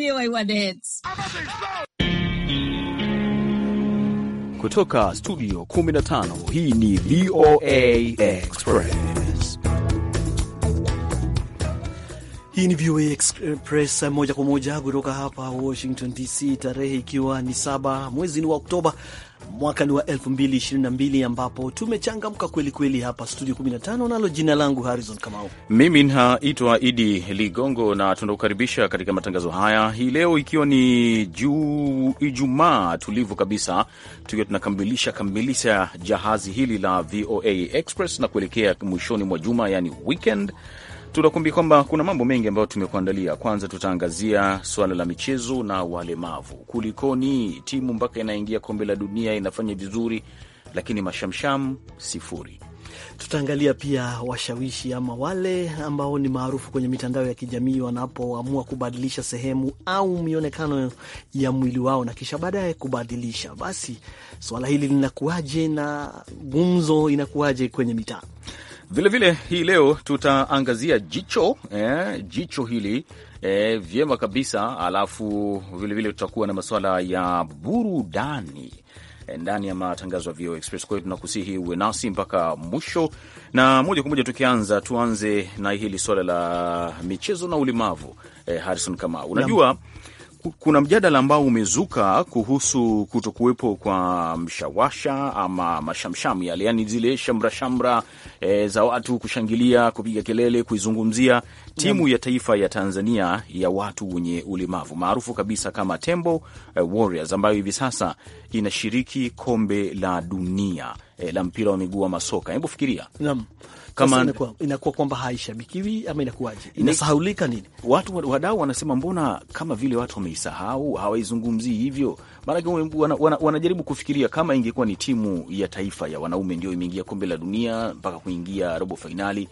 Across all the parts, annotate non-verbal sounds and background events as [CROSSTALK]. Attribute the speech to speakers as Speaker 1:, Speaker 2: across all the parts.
Speaker 1: VOA Hits
Speaker 2: kutoka studio 15. Hii ni VOA Express. Hii ni VOA Express moja kwa moja kutoka hapa Washington DC, tarehe ikiwa ni saba mwezi ni wa Oktoba mwaka ni wa 2022 ambapo tumechangamka kweli kweli hapa studio 15, nalo jina langu Harrison Kamau.
Speaker 3: Mimi naitwa Idi Ligongo na tunakukaribisha katika matangazo haya hii leo, ikiwa ni juu Ijumaa tulivu kabisa, tukiwa tunakamilisha kamilisha jahazi hili la VOA Express na kuelekea mwishoni mwa juma, yani weekend tunakumbi kwamba kuna mambo mengi ambayo tumekuandalia. Kwanza tutaangazia suala la michezo na walemavu. Kulikoni timu mpaka inaingia kombe la dunia inafanya vizuri, lakini mashamsham sifuri.
Speaker 2: Tutaangalia pia washawishi ama wale ambao ni maarufu kwenye mitandao ya kijamii wanapoamua kubadilisha sehemu au mionekano ya mwili wao na kisha baadaye kubadilisha, basi swala hili linakuwaje na gumzo inakuwaje kwenye mitaa?
Speaker 3: Vilevile hii leo tutaangazia jicho eh, jicho hili eh, vyema kabisa, alafu vilevile tutakuwa na masuala ya burudani eh, ndani ya matangazo ya VOA Express. Kwa hiyo tunakusihi uwe nasi mpaka mwisho, na moja kwa moja tukianza, tuanze na hili swala la michezo na ulemavu. Eh, Harrison Kamau, unajua kuna mjadala ambao umezuka kuhusu kutokuwepo kwa mshawasha ama mashamsham yale, yani zile shamrashamra shamra eh, e, za watu kushangilia, kupiga kelele, kuizungumzia timu ya taifa ya Tanzania ya watu wenye ulemavu maarufu kabisa kama Tembo eh, Warriors ambayo hivi sasa inashiriki kombe la dunia eh, la mpira wa miguu wa masoka. Hebu fikiria
Speaker 2: kama inakuwa, inakuwa kwamba haishabikiwi ama inakuwaje, inasahaulika
Speaker 3: nini? Watu wadau wanasema mbona kama vile watu wameisahau, hawaizungumzii hivyo. Maanake wana, wana, wanajaribu kufikiria kama ingekuwa ni timu ya taifa ya wanaume ndio imeingia kombe la dunia mpaka kuingia robo fainali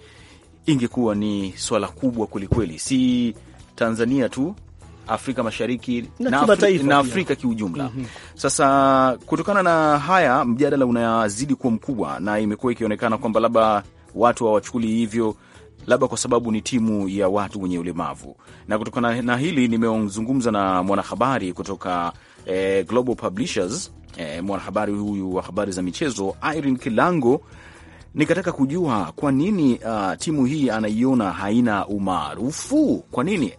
Speaker 3: ingekuwa ni swala kubwa kwelikweli, si Tanzania tu, Afrika Mashariki na, na, Afri na Afrika kiujumla. mm -hmm. Sasa kutokana na haya, mjadala unazidi kuwa mkubwa na imekuwa ikionekana kwamba labda watu hawachukuli hivyo labda kwa sababu ni timu ya watu wenye ulemavu. Na kutokana na hili nimezungumza na mwanahabari kutoka eh, Global Publishers eh, mwanahabari huyu wa habari za michezo Irene Kilango nikataka kujua kwa nini uh, timu hii anaiona haina umaarufu. Kwa nini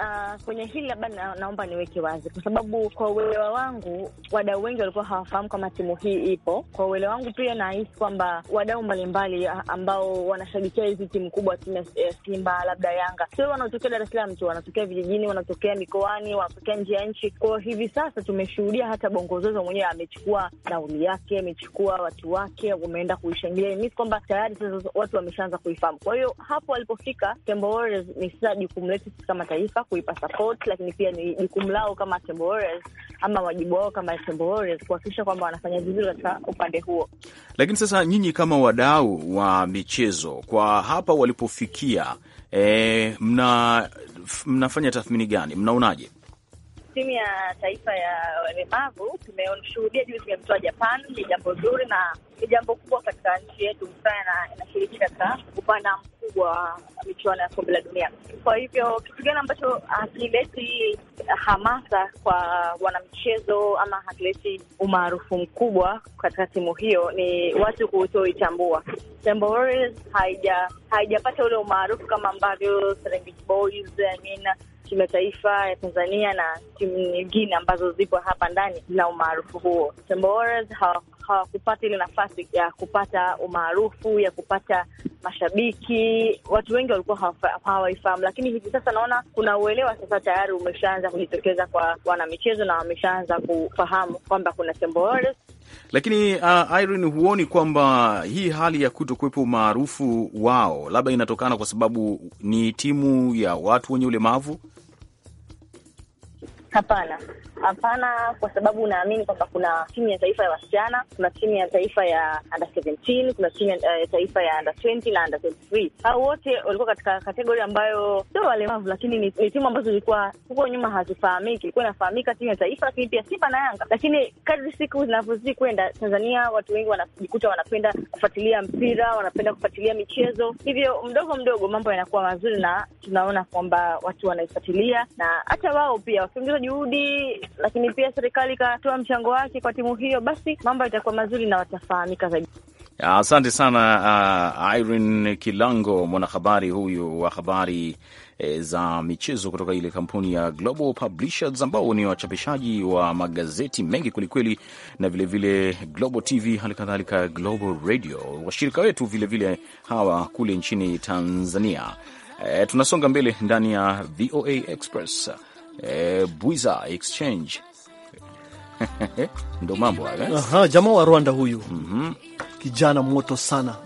Speaker 4: Uh, kwenye hili labda na, naomba niweke wazi, kwa sababu kwa uelewa wangu wadau wengi walikuwa hawafahamu kama timu hii ipo. Kwa uelewa wangu pia nahisi kwamba wadau mbalimbali ah, ambao wanashabikia hizi timu kubwa, timu ya eh, Simba labda Yanga, sio wanaotokea Dar es Salaam tu, wanatokea vijijini, wanatokea mikoani, wanatokea nje ya nchi. Kwa hivi sasa tumeshuhudia hata Zozo mwenyewe amechukua nauli yake, amechukua watu wake, wameenda kuishangilia. Nahisi kwamba tayari sasa watu wameshaanza kuifahamu. Kwa hiyo hapo walipofika Tembo Warriors, ni sasa jukumu letu kama taifa kuipa support, lakini pia ni jukumu lao kama Tembo Warriors ama wajibu wao kama Tembo Warriors kuhakikisha kwamba wanafanya vizuri katika upande huo.
Speaker 3: Lakini sasa nyinyi kama wadau wa michezo, kwa hapa walipofikia, e, mna, mnafanya tathmini gani? Mnaonaje?
Speaker 4: timu ya taifa ya walemavu tumeshuhudia juzi imemtoa Japan, ni jambo zuri na ni jambo kubwa katika nchi yetu, sana inashiriki katika upana mkubwa wa michuano ya kombe la dunia. Kwa hivyo kitu gani ambacho hakileti hamasa kwa wanamchezo ama hakileti umaarufu mkubwa katika timu hiyo ni watu kutoitambua. Tembo Warriors haijapata ule umaarufu kama ambavyo Serengeti Boys I mean, timu ya taifa ya Tanzania na timu nyingine ambazo zipo hapa ndani na umaarufu huo. Tembo Warriors hawakupata ile nafasi ya kupata umaarufu, ya kupata mashabiki. Watu wengi walikuwa hawaifahamu, lakini hivi sasa naona kuna uelewa sasa tayari umeshaanza kujitokeza kwa wanamichezo na wameshaanza kufahamu kwamba kuna Tembo Warriors.
Speaker 3: Lakini uh, Irene, huoni kwamba hii hali ya kuto kuwepo umaarufu wao labda inatokana kwa sababu ni timu ya watu wenye ulemavu?
Speaker 4: Hapana. Hapana, kwa sababu naamini kwamba kuna timu ya taifa ya wasichana, kuna timu ya taifa ya under 17, kuna timu ya uh, taifa ya under 20 na under 23. Hao wote walikuwa katika kategori ambayo sio walemavu, lakini ni, ni timu ambazo zilikuwa huko nyuma hazifahamiki. Ilikuwa inafahamika timu ya taifa, lakini pia Simba na Yanga. Lakini kadri siku zinavyozidi kwenda, Tanzania watu wengi wanajikuta wanapenda kufuatilia mpira, wanapenda kufuatilia michezo, hivyo mdogo mdogo mambo yanakuwa mazuri na tunaona kwamba watu wanaifuatilia na hata wao pia wakiongeza juhudi lakini pia serikali ikatoa mchango wake kwa timu hiyo, basi mambo yatakuwa mazuri na watafahamika zaidi.
Speaker 3: Asante sana uh, Irene Kilango, mwanahabari huyu wa habari e, za michezo kutoka ile kampuni ya Global Publishers ambao ni wachapishaji wa magazeti mengi kwelikweli, na vilevile vile Global TV, hali kadhalika Global Radio, washirika wetu vilevile vile hawa kule nchini Tanzania. E, tunasonga mbele ndani ya VOA Express e, Bwiza Exchange [LAUGHS] ndo mambo hayo.
Speaker 2: Eh? Aha, jamaa wa Rwanda huyu. mm -hmm. Kijana moto sana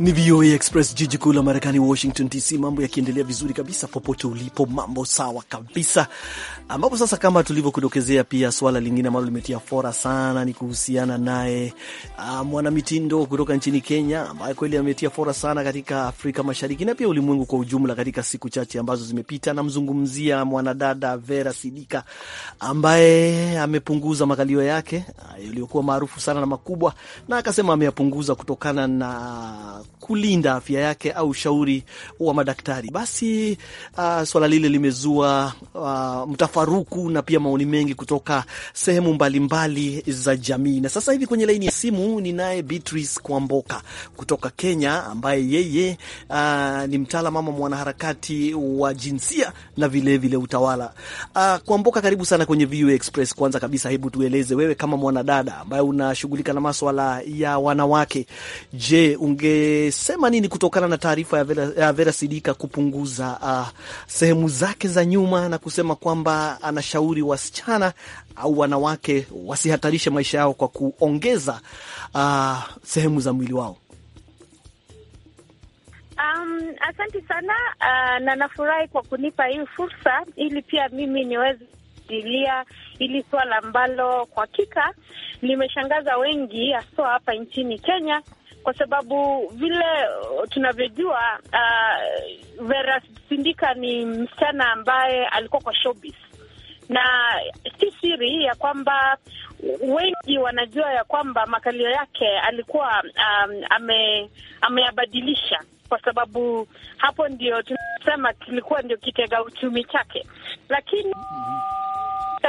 Speaker 2: Ni VOA Express, jiji kuu la Marekani, Washington DC. Mambo yakiendelea vizuri kabisa popote ulipo, mambo sawa kabisa ambapo sasa kama tulivyokudokezea, pia swala lingine ambalo limetia fora sana ni kuhusiana naye ah, mwanamitindo kutoka nchini Kenya ambaye kweli ametia fora sana katika Afrika Mashariki na pia ulimwengu kwa ujumla katika siku chache ambazo zimepita. Namzungumzia mwanadada Vera Sidika ambaye amepunguza makalio yake ah, yaliyokuwa maarufu sana na makubwa, na akasema ameyapunguza kutokana na kulinda afya yake au ushauri wa madaktari. Basi uh, swala lile limezua uh, mtafaruku na pia maoni mengi kutoka sehemu mbalimbali mbali za jamii. Na sasa hivi kwenye laini ya simu ninaye Beatrice Kwamboka kutoka Kenya, ambaye yeye uh, ni mtaalamu ama mwanaharakati wa jinsia na vilevile vile utawala. Uh, Kwamboka, karibu sana kwenye VOA Express. Kwanza kabisa, hebu tueleze wewe kama mwanadada ambaye unashughulika na maswala ya wanawake, je, ungesema nini kutokana na taarifa ya Vera, ya Vera Sidika kupunguza uh, sehemu zake za nyuma na kusema kwamba anashauri wasichana au wanawake wasihatarishe maisha yao kwa kuongeza uh, sehemu za mwili wao.
Speaker 1: Um, asante sana uh, na nafurahi kwa kunipa hii fursa ili pia mimi niweze kujilia hili swala ambalo kwa hakika limeshangaza wengi, haswa hapa nchini Kenya kwa sababu vile uh, tunavyojua, uh, Vera Sindika ni msichana ambaye alikuwa kwa showbiz, na si siri ya kwamba wengi wanajua ya kwamba makalio yake alikuwa um, ame, kwa sababu hapo ndio tunasema kilikuwa ndio kitega uchumi chake, lakini mhm.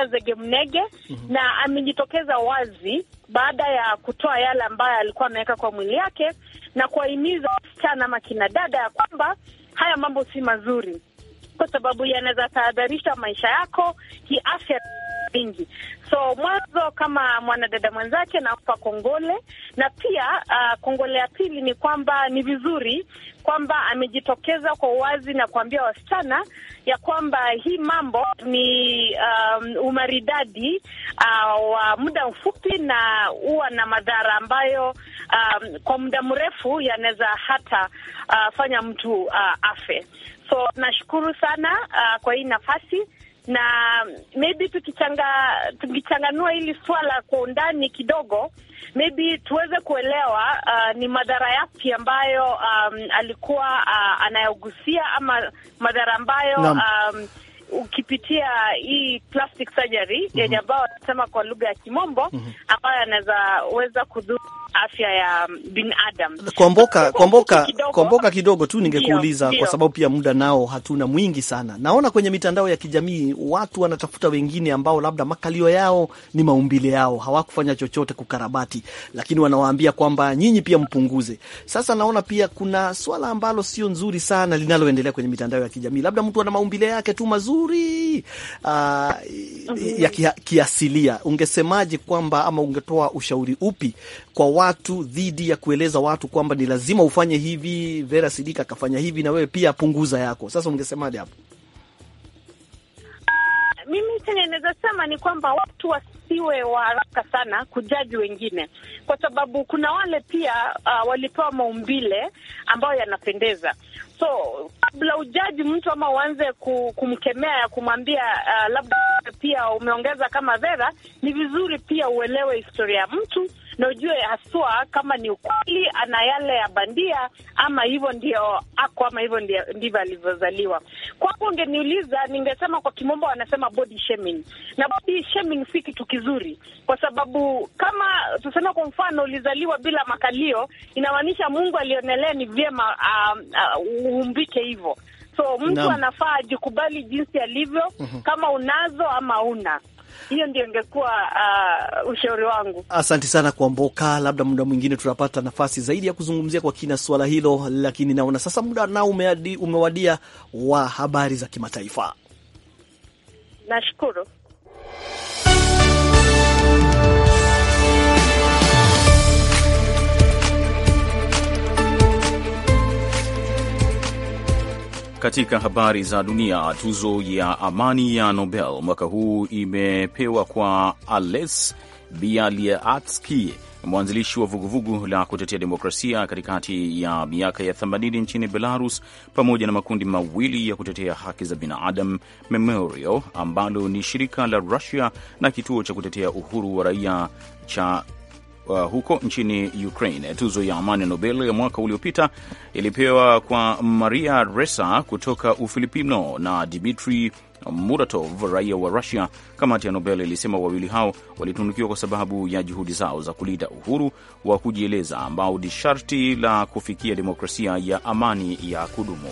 Speaker 1: Peter Zegemnege mm -hmm. na amejitokeza wazi baada ya kutoa yale ambayo alikuwa ameweka kwa mwili yake na kuwahimiza wasichana ama kina dada ya kwamba haya mambo si mazuri, kwa sababu yanaweza tahadharisha maisha yako kiafya mingi. So mwanzo, kama mwanadada mwenzake, nampa kongole, na pia uh, kongole ya pili ni kwamba ni vizuri kwamba amejitokeza kwa uwazi na kuambia wasichana ya kwamba hii mambo ni um, umaridadi uh, wa muda mfupi na huwa na madhara ambayo um, kwa muda mrefu yanaweza hata uh, fanya mtu uh, afe. So nashukuru sana uh, kwa hii nafasi na maybe tukichanga tukichanganua hili swala kwa undani kidogo, maybe tuweze kuelewa uh, ni madhara yapi ambayo um, alikuwa uh, anayogusia ama madhara ambayo um, ukipitia hii plastic surgery mhm. yenye mm -hmm. ambayo anasema kwa lugha ya Kimombo mm -hmm. ambayo anaweza weza kudhuru afya ya mm, binadamu.
Speaker 2: Kuomboka kuomboka kuomboka kidogo tu, ningekuuliza kwa sababu pia muda nao hatuna mwingi sana. Naona kwenye mitandao ya kijamii watu wanatafuta wengine ambao labda makalio yao ni maumbile yao, hawakufanya chochote kukarabati, lakini wanawaambia kwamba nyinyi pia mpunguze. Sasa naona pia kuna swala ambalo sio nzuri sana linaloendelea kwenye mitandao ya kijamii. Labda mtu ana maumbile yake tu mazuri uh, ya kiasilia. Ungesemaje kwamba ama ungetoa ushauri upi kwa watu dhidi ya kueleza watu kwamba ni lazima ufanye hivi, Vera Sidika akafanya hivi na wewe pia punguza yako. Sasa ungesemaje hapo?
Speaker 1: Mimi chenye naweza sema ni kwamba watu wasiwe wa haraka sana kujaji wengine, kwa sababu kuna wale pia uh, walipewa maumbile ambayo yanapendeza. So kabla ujaji mtu ama uanze kumkemea ya kumwambia uh, labda pia umeongeza kama Vera, ni vizuri pia uelewe historia ya mtu na ujue haswa kama ni ukweli ana yale ya bandia ama hivyo ndio ako ama hivyo ndivyo alivyozaliwa. Kwangu ungeniuliza, ningesema kwa kimombo wanasema body shaming, na body shaming si kitu kizuri, kwa sababu kama tuseme kwa mfano ulizaliwa bila makalio, inamaanisha Mungu alionelea ni vyema um, uh, uumbike uh, uh, hivyo. So mtu anafaa ajikubali jinsi alivyo, mhm. kama unazo ama una hiyo ndio ingekuwa uh, ushauri wangu. Asante
Speaker 2: sana kwa Mboka, labda muda mwingine tunapata nafasi zaidi ya kuzungumzia kwa kina suala hilo, lakini naona sasa muda nao umewadia wa habari za kimataifa.
Speaker 1: Nashukuru.
Speaker 3: Katika habari za dunia, tuzo ya amani ya Nobel mwaka huu imepewa kwa Ales Bialiatski, mwanzilishi wa vuguvugu la kutetea demokrasia katikati ya miaka ya 80 nchini Belarus, pamoja na makundi mawili ya kutetea haki za binadamu, Memorial ambalo ni shirika la Rusia na kituo cha kutetea uhuru wa raia cha uh, huko nchini Ukraine. Tuzo ya amani Nobel ya mwaka uliopita ilipewa kwa Maria Ressa kutoka Ufilipino na Dmitri Muratov, raia wa Rusia. Kamati ya Nobel ilisema wawili hao walitunukiwa kwa sababu ya juhudi zao za kulinda uhuru wa kujieleza ambao ni sharti la kufikia demokrasia ya amani ya kudumu.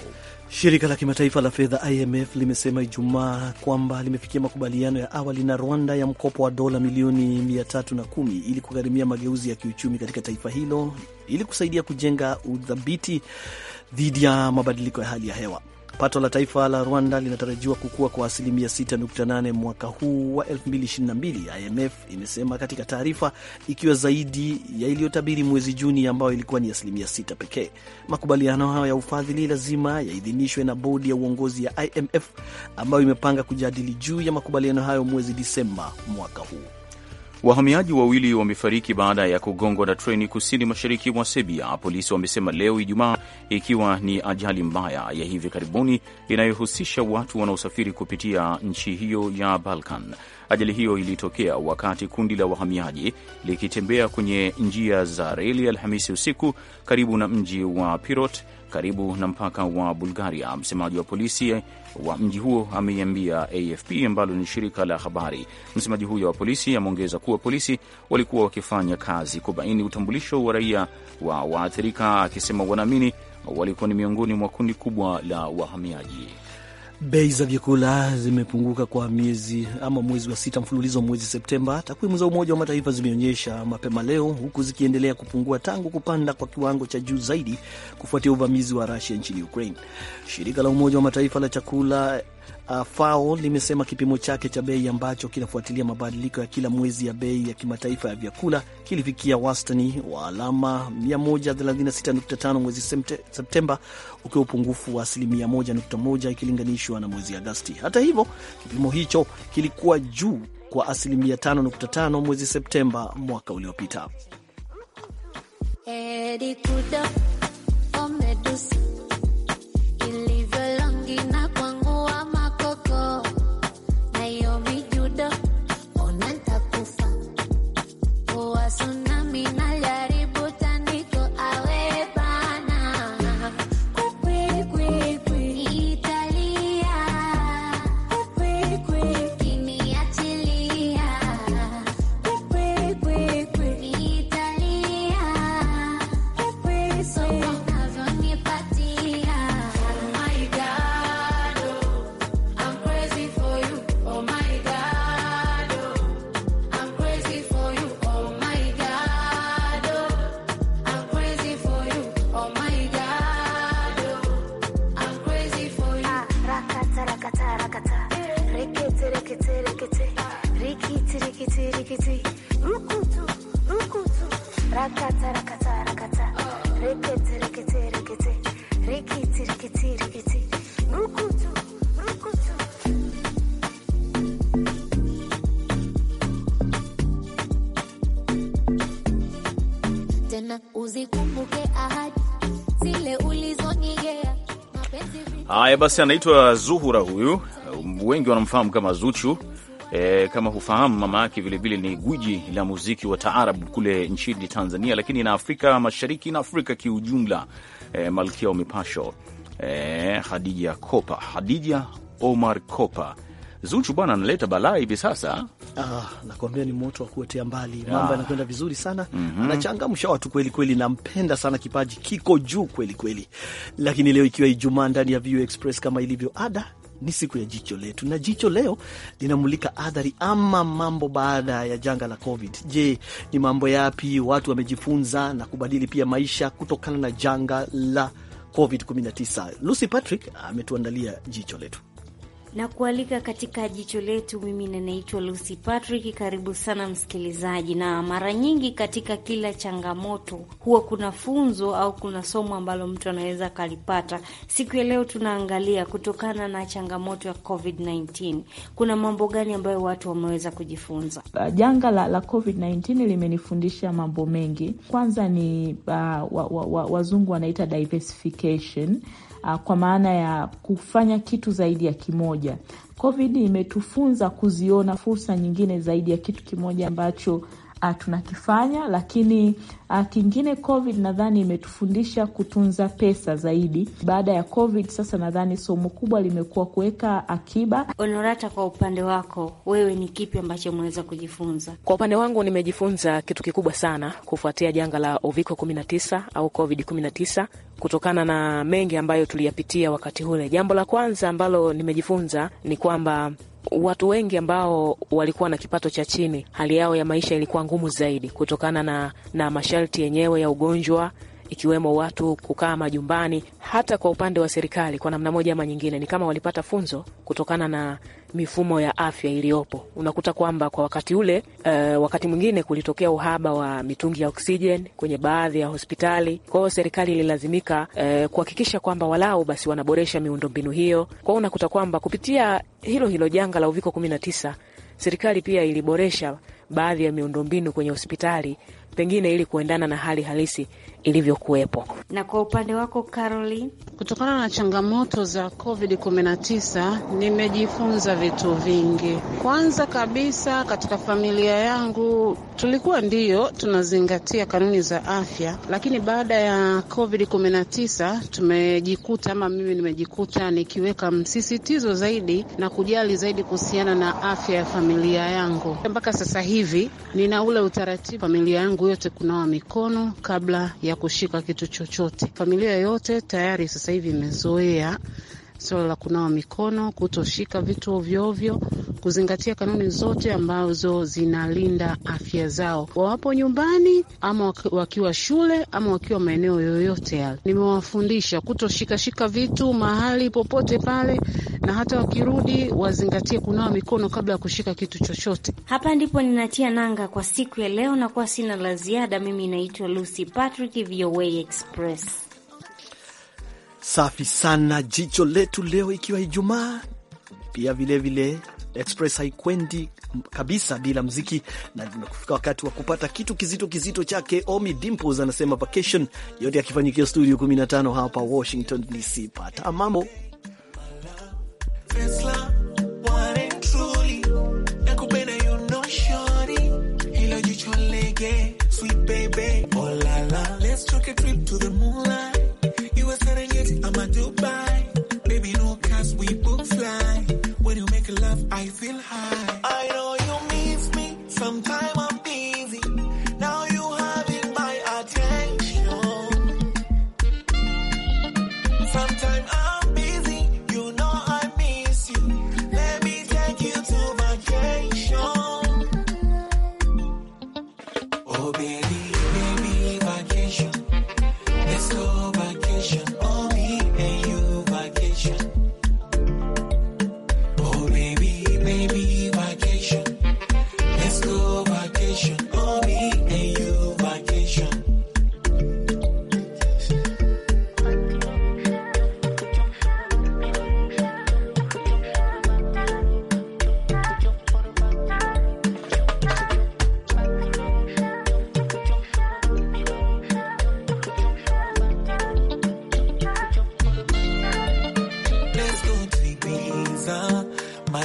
Speaker 2: Shirika la kimataifa la fedha IMF limesema Ijumaa kwamba limefikia makubaliano ya awali na Rwanda ya mkopo wa dola milioni 310 ili kugharimia mageuzi ya kiuchumi katika taifa hilo ili kusaidia kujenga udhabiti dhidi ya mabadiliko ya hali ya hewa. Pato la taifa la Rwanda linatarajiwa kukua kwa asilimia 6.8 mwaka huu wa 2022, IMF imesema katika taarifa, ikiwa zaidi ya iliyotabiri mwezi Juni ambayo ilikuwa ni asilimia 6 pekee. Makubaliano hayo ya ufadhili lazima yaidhinishwe na bodi ya uongozi ya IMF ambayo imepanga kujadili juu ya makubaliano hayo mwezi Disemba mwaka huu.
Speaker 3: Wahamiaji wawili wamefariki baada ya kugongwa na treni kusini mashariki mwa Serbia, polisi wamesema leo Ijumaa, ikiwa ni ajali mbaya ya hivi karibuni inayohusisha watu wanaosafiri kupitia nchi hiyo ya Balkan. Ajali hiyo ilitokea wakati kundi la wahamiaji likitembea kwenye njia za reli Alhamisi usiku karibu na mji wa Pirot karibu na mpaka wa Bulgaria. Msemaji wa polisi wa mji huo ameiambia AFP ambalo ni shirika la habari. Msemaji huyo wa polisi ameongeza kuwa polisi walikuwa wakifanya kazi kubaini utambulisho wa raia wa waathirika, akisema wanaamini walikuwa ni miongoni mwa kundi kubwa la wahamiaji.
Speaker 2: Bei za vyakula zimepunguka kwa miezi ama mwezi wa sita mfululizo mwezi Septemba, takwimu za Umoja wa Mataifa zimeonyesha mapema leo, huku zikiendelea kupungua tangu kupanda kwa kiwango cha juu zaidi kufuatia uvamizi wa Rusia nchini Ukraine. Shirika la Umoja wa Mataifa la chakula Uh, FAO limesema kipimo chake cha bei ambacho kinafuatilia mabadiliko ya kila mwezi ya bei ya kimataifa ya vyakula kilifikia wastani wa alama 136.5 mwezi Septemba, ukiwa upungufu wa asilimia 1.1 ikilinganishwa na mwezi Agasti. Hata hivyo, kipimo hicho kilikuwa juu kwa asilimia 5.5 mwezi Septemba mwaka uliopita.
Speaker 3: Haya basi, anaitwa Zuhura huyu, wengi wanamfahamu kama Zuchu. E, kama hufahamu mama yake vilevile ni gwiji la muziki wa taarabu kule nchini Tanzania, lakini na Afrika Mashariki na Afrika kiujumla. E, malkia wa mipasho e, Hadija Kopa, Hadija Omar Kopa Zuchu
Speaker 2: bwana analeta balaa hivi sasa. Ah, nakwambia ni moto wa kuotea mbali. Mambo ah. yanakwenda vizuri sana mm -hmm. Anachangamsha watu kweli kweli, nampenda sana, kipaji kiko juu kweli kweli. Lakini leo ikiwa Ijumaa ndani ya VOA Express kama ilivyo ada ni siku ya jicho letu, na jicho leo linamulika athari ama mambo baada ya janga la Covid. Je, ni mambo yapi watu wamejifunza na kubadili pia maisha kutokana na janga la Covid 19? Lucy Patrick ametuandalia jicho letu
Speaker 5: na kualika katika jicho letu. Mimi ninaitwa Lucy Patrick. Karibu sana msikilizaji, na mara nyingi katika kila changamoto huwa kuna funzo au kuna somo ambalo mtu anaweza akalipata. Siku ya leo tunaangalia kutokana na changamoto ya COVID-19, kuna mambo gani ambayo watu wameweza kujifunza?
Speaker 1: Uh, janga la, la COVID-19 limenifundisha mambo mengi. Kwanza ni uh, ah, wazungu wa, wa, wa wanaita diversification uh, kwa maana ya kufanya kitu zaidi ya kimoja pamoja. Covid imetufunza kuziona fursa nyingine zaidi ya kitu kimoja ambacho uh, tunakifanya, lakini uh, kingine Covid nadhani imetufundisha kutunza pesa zaidi. Baada ya Covid sasa, nadhani somo kubwa limekuwa kuweka akiba.
Speaker 5: Onorata, kwa upande wako wewe, ni kipi ambacho umeweza kujifunza? Kwa upande wangu nimejifunza kitu kikubwa sana kufuatia janga la Uviko 19 au Covid 19 kutokana na mengi ambayo tuliyapitia wakati ule. Jambo la kwanza ambalo nimejifunza ni kwamba watu wengi ambao walikuwa na kipato cha chini, hali yao ya maisha ilikuwa ngumu zaidi kutokana na, na masharti yenyewe ya ugonjwa ikiwemo watu kukaa majumbani. Hata kwa upande wa serikali, kwa namna moja ama nyingine, ni kama walipata funzo kutokana na mifumo ya afya iliyopo. Unakuta kwamba kwa wakati ule uh, wakati mwingine kulitokea uhaba wa mitungi ya oksijen kwenye baadhi ya hospitali. Kwa hiyo serikali ililazimika uh, kuhakikisha kwamba walau basi wanaboresha miundombinu hiyo. Kwa hiyo unakuta kwamba kupitia hilo hilo janga la uviko 19 serikali pia iliboresha baadhi ya miundombinu kwenye hospitali pengine ili kuendana na hali halisi ilivyokuwepo. Na kwa upande wako Caroline, kutokana na changamoto za COVID 19 nimejifunza vitu vingi. Kwanza kabisa, katika familia yangu tulikuwa ndiyo tunazingatia kanuni za afya, lakini baada ya COVID 19 tumejikuta ama mimi nimejikuta nikiweka msisitizo zaidi na kujali zaidi kuhusiana na afya ya familia yangu. Mpaka sasa hivi nina ule utaratibu familia yangu yote kunawa mikono kabla ya kushika kitu chochote. Familia yote tayari sasa hivi imezoea swala la kunawa mikono, kutoshika vitu ovyoovyo, kuzingatia kanuni zote ambazo zinalinda afya zao, wawapo nyumbani ama wakiwa shule ama wakiwa maeneo yoyote yale. Nimewafundisha kutoshikashika vitu mahali popote pale, na hata wakirudi wazingatie kunawa mikono kabla ya kushika kitu chochote. Hapa ndipo ninatia nanga kwa siku ya leo, na kuwa sina la ziada. Mimi naitwa Lucy Patrick, VOA Express.
Speaker 2: Safi sana, jicho letu leo, ikiwa Ijumaa pia vilevile vile. Express haikwendi kabisa bila mziki, na tumekufika wakati wa kupata kitu kizito kizito chake Omi Dimples anasema vacation, yote akifanyikia studio 15 hapa Washington DC. Pata mambo
Speaker 6: Tesla.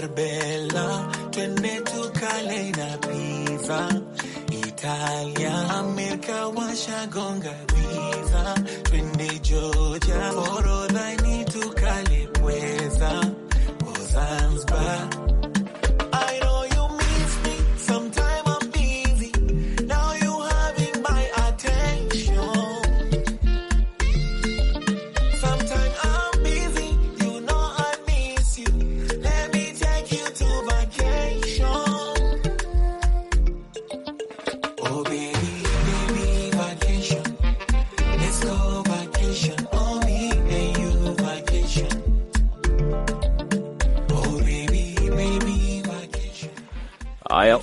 Speaker 6: Karbela, twende tukale na pizza. Italia, Amerika washagonga visa. Twende Georgia, Forodhani tukale pweza. Zanzibar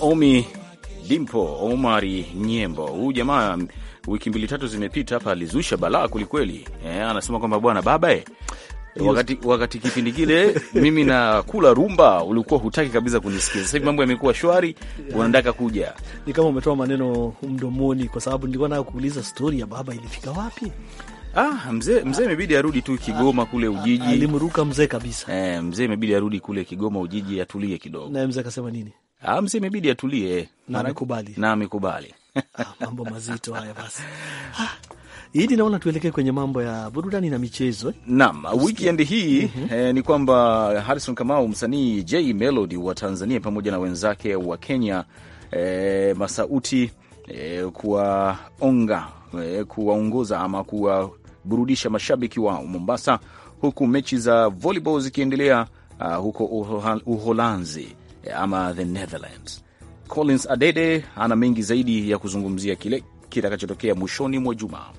Speaker 3: Omi Dimpo Omari Nyembo. Huyu jamaa wiki mbili tatu zimepita hapa alizusha balaa kwelikweli. Eh, anasema kwamba bwana baba eh, wakati wakati kipindi kile mimi na kula rumba ulikuwa hutaki kabisa kunisikiza. Sasa hivi mambo yamekuwa shwari, unataka kuja.
Speaker 2: Ni kama umetoa maneno mdomoni, kwa sababu nilikuwa nataka kuuliza stori ya baba ilifika wapi?
Speaker 3: Ah, mzee mzee imebidi arudi tu Kigoma kule Ujiji. Alimruka mzee kabisa. Eh, mzee imebidi arudi kule Kigoma Ujiji atulie kidogo.
Speaker 2: Na mzee akasema nini? Ah, mzee
Speaker 3: imebidi atulie na amekubali na amekubali.
Speaker 2: [LAUGHS] Ah, mambo mazito haya basi. Ah, Idi, naona tuelekee kwenye mambo ya burudani na michezo eh?
Speaker 3: Naam, weekend hii mm -hmm. Eh, ni kwamba Harrison Kamau msanii J Melody wa Tanzania pamoja na wenzake wa Kenya eh, Masauti eh, kuwaonga eh, kuwaongoza ama kuwaburudisha mashabiki wa Mombasa huku mechi za volleyball zikiendelea uh, huko Uholanzi ama the Netherlands. Collins Adede ana mengi zaidi ya kuzungumzia kile
Speaker 7: kitakachotokea
Speaker 3: mwishoni mwa jumaa.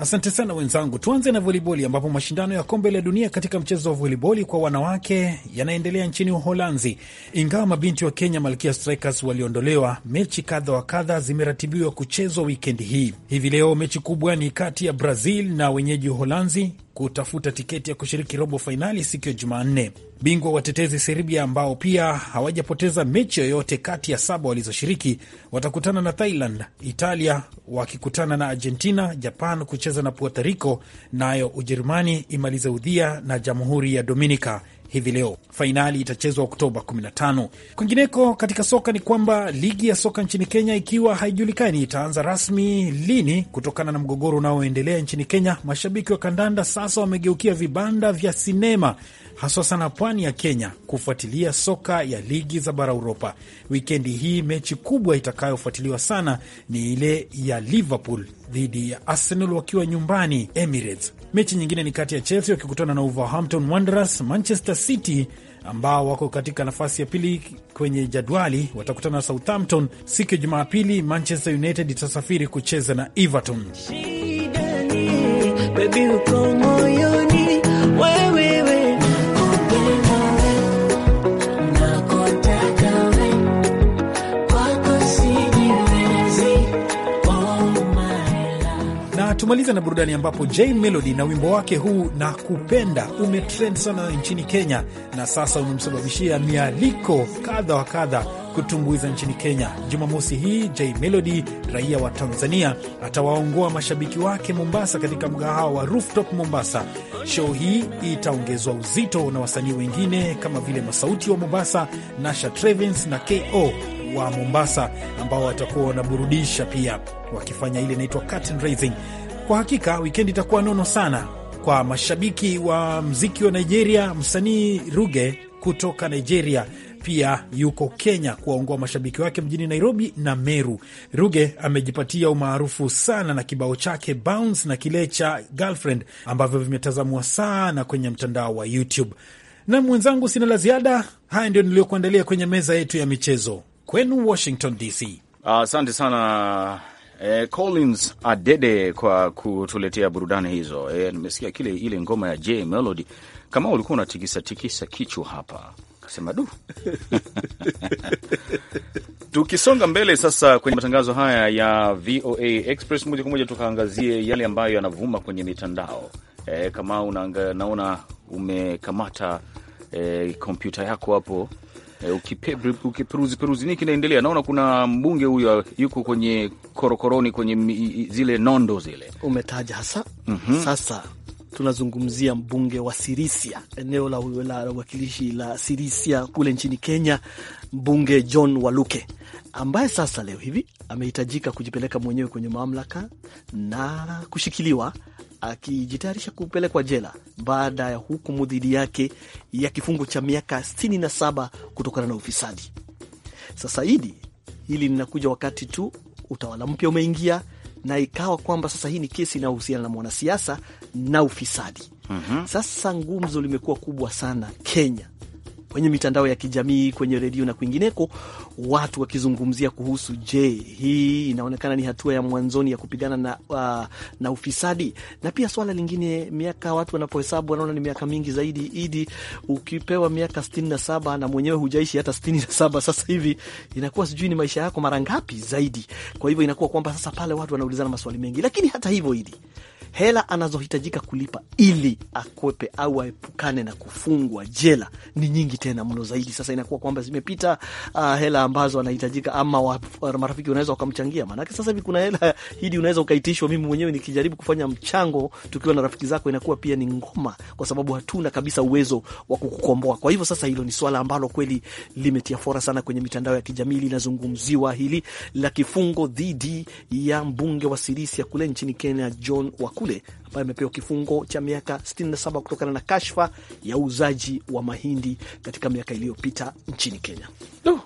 Speaker 7: Asante sana wenzangu, tuanze na voliboli ambapo mashindano ya kombe la dunia katika mchezo wa voliboli kwa wanawake yanaendelea nchini Uholanzi. Ingawa mabinti wa Kenya Malkia Strikers waliondolewa, mechi kadha wa kadha zimeratibiwa kuchezwa wikendi hii. Hivi leo mechi kubwa ni kati ya Brazil na wenyeji Uholanzi kutafuta tiketi ya kushiriki robo fainali siku ya Jumanne. Bingwa watetezi Serbia, ambao pia hawajapoteza mechi yoyote kati ya saba walizoshiriki, watakutana na Thailand, Italia wakikutana na Argentina, Japan kucheza na Puerto Rico, nayo Ujerumani imalize udhia na Jamhuri ya dominica hivi leo. Fainali itachezwa Oktoba 15. Kwingineko katika soka ni kwamba ligi ya soka nchini Kenya ikiwa haijulikani itaanza rasmi lini kutokana na mgogoro unaoendelea nchini Kenya, mashabiki wa kandanda sasa wamegeukia vibanda vya sinema haswa sana pwani ya Kenya kufuatilia soka ya ligi za bara Uropa. Wikendi hii mechi kubwa itakayofuatiliwa sana ni ile ya Liverpool dhidi ya Arsenal wakiwa nyumbani Emirates. Mechi nyingine ni kati ya Chelsea wakikutana na Wolverhampton Wanderers. Manchester City ambao wako katika nafasi ya pili kwenye jadwali watakutana na Southampton siku ya Jumapili. Manchester United itasafiri kucheza na Everton. Shidani,
Speaker 6: baby wewe
Speaker 7: Tumaliza na burudani ambapo j Melody na wimbo wake huu na kupenda umetrend sana nchini Kenya, na sasa umemsababishia mialiko kadha wa kadha kutumbuiza nchini Kenya. Jumamosi hii j Melody, raia wa Tanzania, atawaongoa mashabiki wake Mombasa katika mgahawa wa Rooftop Mombasa. Show hii itaongezwa uzito na wasanii wengine kama vile Masauti wa Mombasa, Nasha Trevins na Ko wa Mombasa ambao watakuwa wanaburudisha pia wakifanya ile inaitwa curtain raising. Kwa hakika wikendi itakuwa nono sana kwa mashabiki wa mziki wa Nigeria. Msanii Ruge kutoka Nigeria pia yuko Kenya kuwaongoa mashabiki wake mjini Nairobi na Meru. Ruge amejipatia umaarufu sana na kibao chake Bounce na kile cha Girlfriend ambavyo vimetazamwa sana kwenye mtandao wa YouTube. Na mwenzangu, sina la ziada. Haya ndio niliyokuandalia kwenye meza yetu ya michezo. Kwenu Washington DC.
Speaker 3: Asante uh, sana Eh, Collins Adede kwa kutuletea burudani hizo. Eh, nimesikia kile ile ngoma ya J Melody kama ulikuwa unatikisa tikisa kichwa hapa kasema du [LAUGHS] tukisonga mbele sasa kwenye matangazo haya ya VOA Express moja kwa moja tukaangazie yale ambayo yanavuma kwenye mitandao. Eh, kama unaanga, naona umekamata eh, kompyuta eh, yako hapo Eh, ukiperuzi peruzi nini kinaendelea. Naona kuna mbunge huyo uh, yuko kwenye korokoroni kwenye zile nondo zile
Speaker 2: umetaja hasa.
Speaker 3: mm -hmm. Sasa
Speaker 2: tunazungumzia mbunge wa Sirisia, eneo la uwakilishi la Sirisia kule nchini Kenya, mbunge John Waluke ambaye sasa leo hivi amehitajika kujipeleka mwenyewe kwenye mamlaka na kushikiliwa akijitayarisha kupelekwa jela baada ya hukumu dhidi yake ya kifungo cha miaka 67 kutokana na ufisadi. Sasa hili hili linakuja wakati tu utawala mpya umeingia na ikawa kwamba sasa hii ni kesi inayohusiana na mwanasiasa na ufisadi. Mm -hmm. Sasa ngumzo limekuwa kubwa sana Kenya kwenye mitandao ya kijamii, kwenye redio na kwingineko, watu wakizungumzia kuhusu, je, hii inaonekana ni hatua ya mwanzoni ya kupigana na, uh, na ufisadi. Na pia swala lingine, miaka, watu wanapohesabu wanaona ni miaka mingi zaidi. Idi, ukipewa miaka sitini na saba na mwenyewe hujaishi hata sitini na saba sasa hivi inakuwa sijui ni maisha yako mara ngapi zaidi. Kwa hivyo inakuwa kwamba sasa pale watu wanaulizana maswali mengi, lakini hata hivyo Idi hela anazohitajika kulipa ili akwepe au aepukane na kufungwa jela ni nyingi tena mno zaidi. Sasa inakuwa kwamba zimepita uh, hela ambazo anahitajika, ama wa, marafiki unaweza ukamchangia. maanake sasa hivi kuna hela [LAUGHS] hidi unaweza ukaitishwa. Mimi mwenyewe nikijaribu kufanya mchango tukiwa na rafiki zako inakuwa pia ni ngoma, kwa sababu hatuna kabisa uwezo wa kukukomboa. Kwa hivyo sasa, hilo ni swala ambalo kweli limetia fora sana kwenye mitandao ya kijamii. Linazungumziwa hili la kifungo dhidi ya mbunge wa Sirisia kule nchini Kenya John Wak kule ambaye amepewa kifungo cha miaka 67 kutokana na kashfa ya uuzaji wa mahindi katika miaka iliyopita nchini Kenya. No.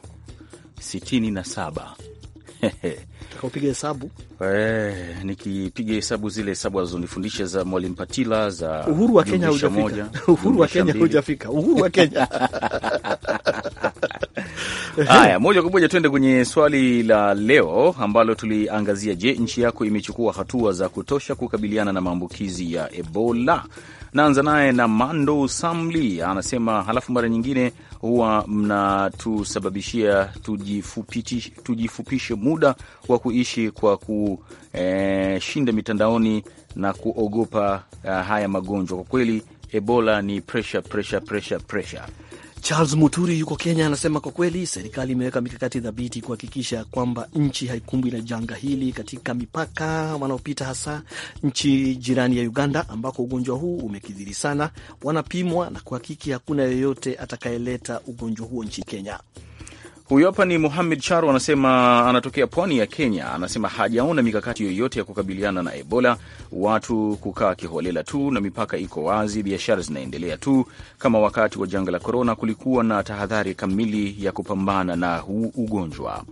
Speaker 2: hesabu
Speaker 3: eh, nikipiga hesabu zile hesabu alizonifundisha za Mwalimu Patila za uhuru wa Kenya hujafika, [LAUGHS] uhuru wa Kenya
Speaker 2: hujafika, uhuru wa Kenya [LAUGHS] Haya,
Speaker 3: moja kwa moja tuende kwenye swali la leo ambalo tuliangazia. Je, nchi yako imechukua hatua za kutosha kukabiliana na maambukizi ya Ebola? Naanza naye na Mando Samli anasema, halafu mara nyingine huwa mnatusababishia tujifupishe muda wa kuishi kwa kushinda eh, e, mitandaoni na kuogopa uh, haya magonjwa. Kwa kweli Ebola ni pressure, pressure, pressure, pressure.
Speaker 2: Charles Muturi yuko Kenya, anasema kwa kweli serikali imeweka mikakati thabiti kuhakikisha kwamba nchi haikumbwi na janga hili katika mipaka wanaopita, hasa nchi jirani ya Uganda ambako ugonjwa huu umekithiri sana. Wanapimwa na kuhakiki hakuna yoyote atakayeleta ugonjwa huo nchini Kenya.
Speaker 3: Huyu hapa ni Muhamed Charo, anasema anatokea pwani ya Kenya. Anasema hajaona mikakati yoyote ya kukabiliana na Ebola, watu kukaa kiholela tu na mipaka iko wazi, biashara zinaendelea tu. Kama wakati wa janga la korona, kulikuwa na tahadhari kamili ya kupambana na huu ugonjwa.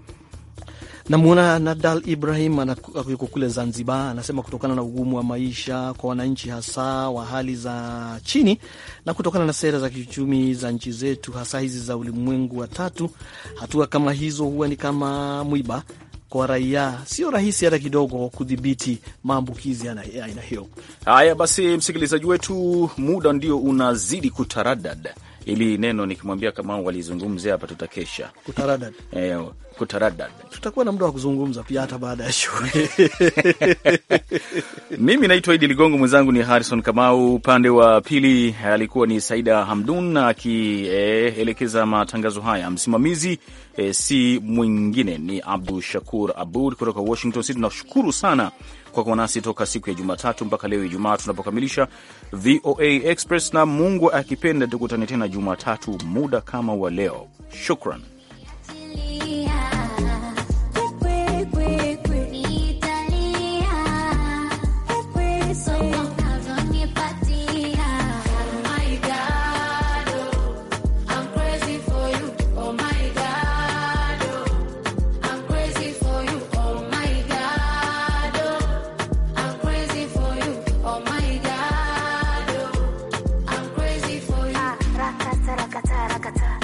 Speaker 2: Namwona Nadal Ibrahim yuko kule Zanzibar, anasema kutokana na ugumu wa maisha kwa wananchi hasa wa hali za chini na kutokana na sera za kiuchumi za nchi zetu hasa hizi za ulimwengu wa tatu, hatua kama hizo huwa ni kama mwiba kwa raia, sio rahisi hata kidogo kudhibiti maambukizi ya aina hiyo.
Speaker 3: Haya basi, msikilizaji wetu, muda ndio unazidi kutaradad, ili neno nikimwambia kama walizungumzia hapa tutakesha kutaradad. Eh, kutaradad.
Speaker 2: Tutakuwa na muda wa kuzungumza pia hata baada ya shule.
Speaker 3: [LAUGHS] Mimi naitwa Idi Ligongo, mwenzangu ni Harrison Kamau, upande wa pili alikuwa ni Saida Hamdun akielekeza eh, matangazo haya. Msimamizi eh, si mwingine ni Abdu Shakur Abud kutoka Washington City. Tunashukuru sana kwa kuwa nasi toka siku ya Jumatatu mpaka leo Ijumaa tunapokamilisha VOA Express, na Mungu akipenda tukutane tena Jumatatu muda kama wa leo. Shukran.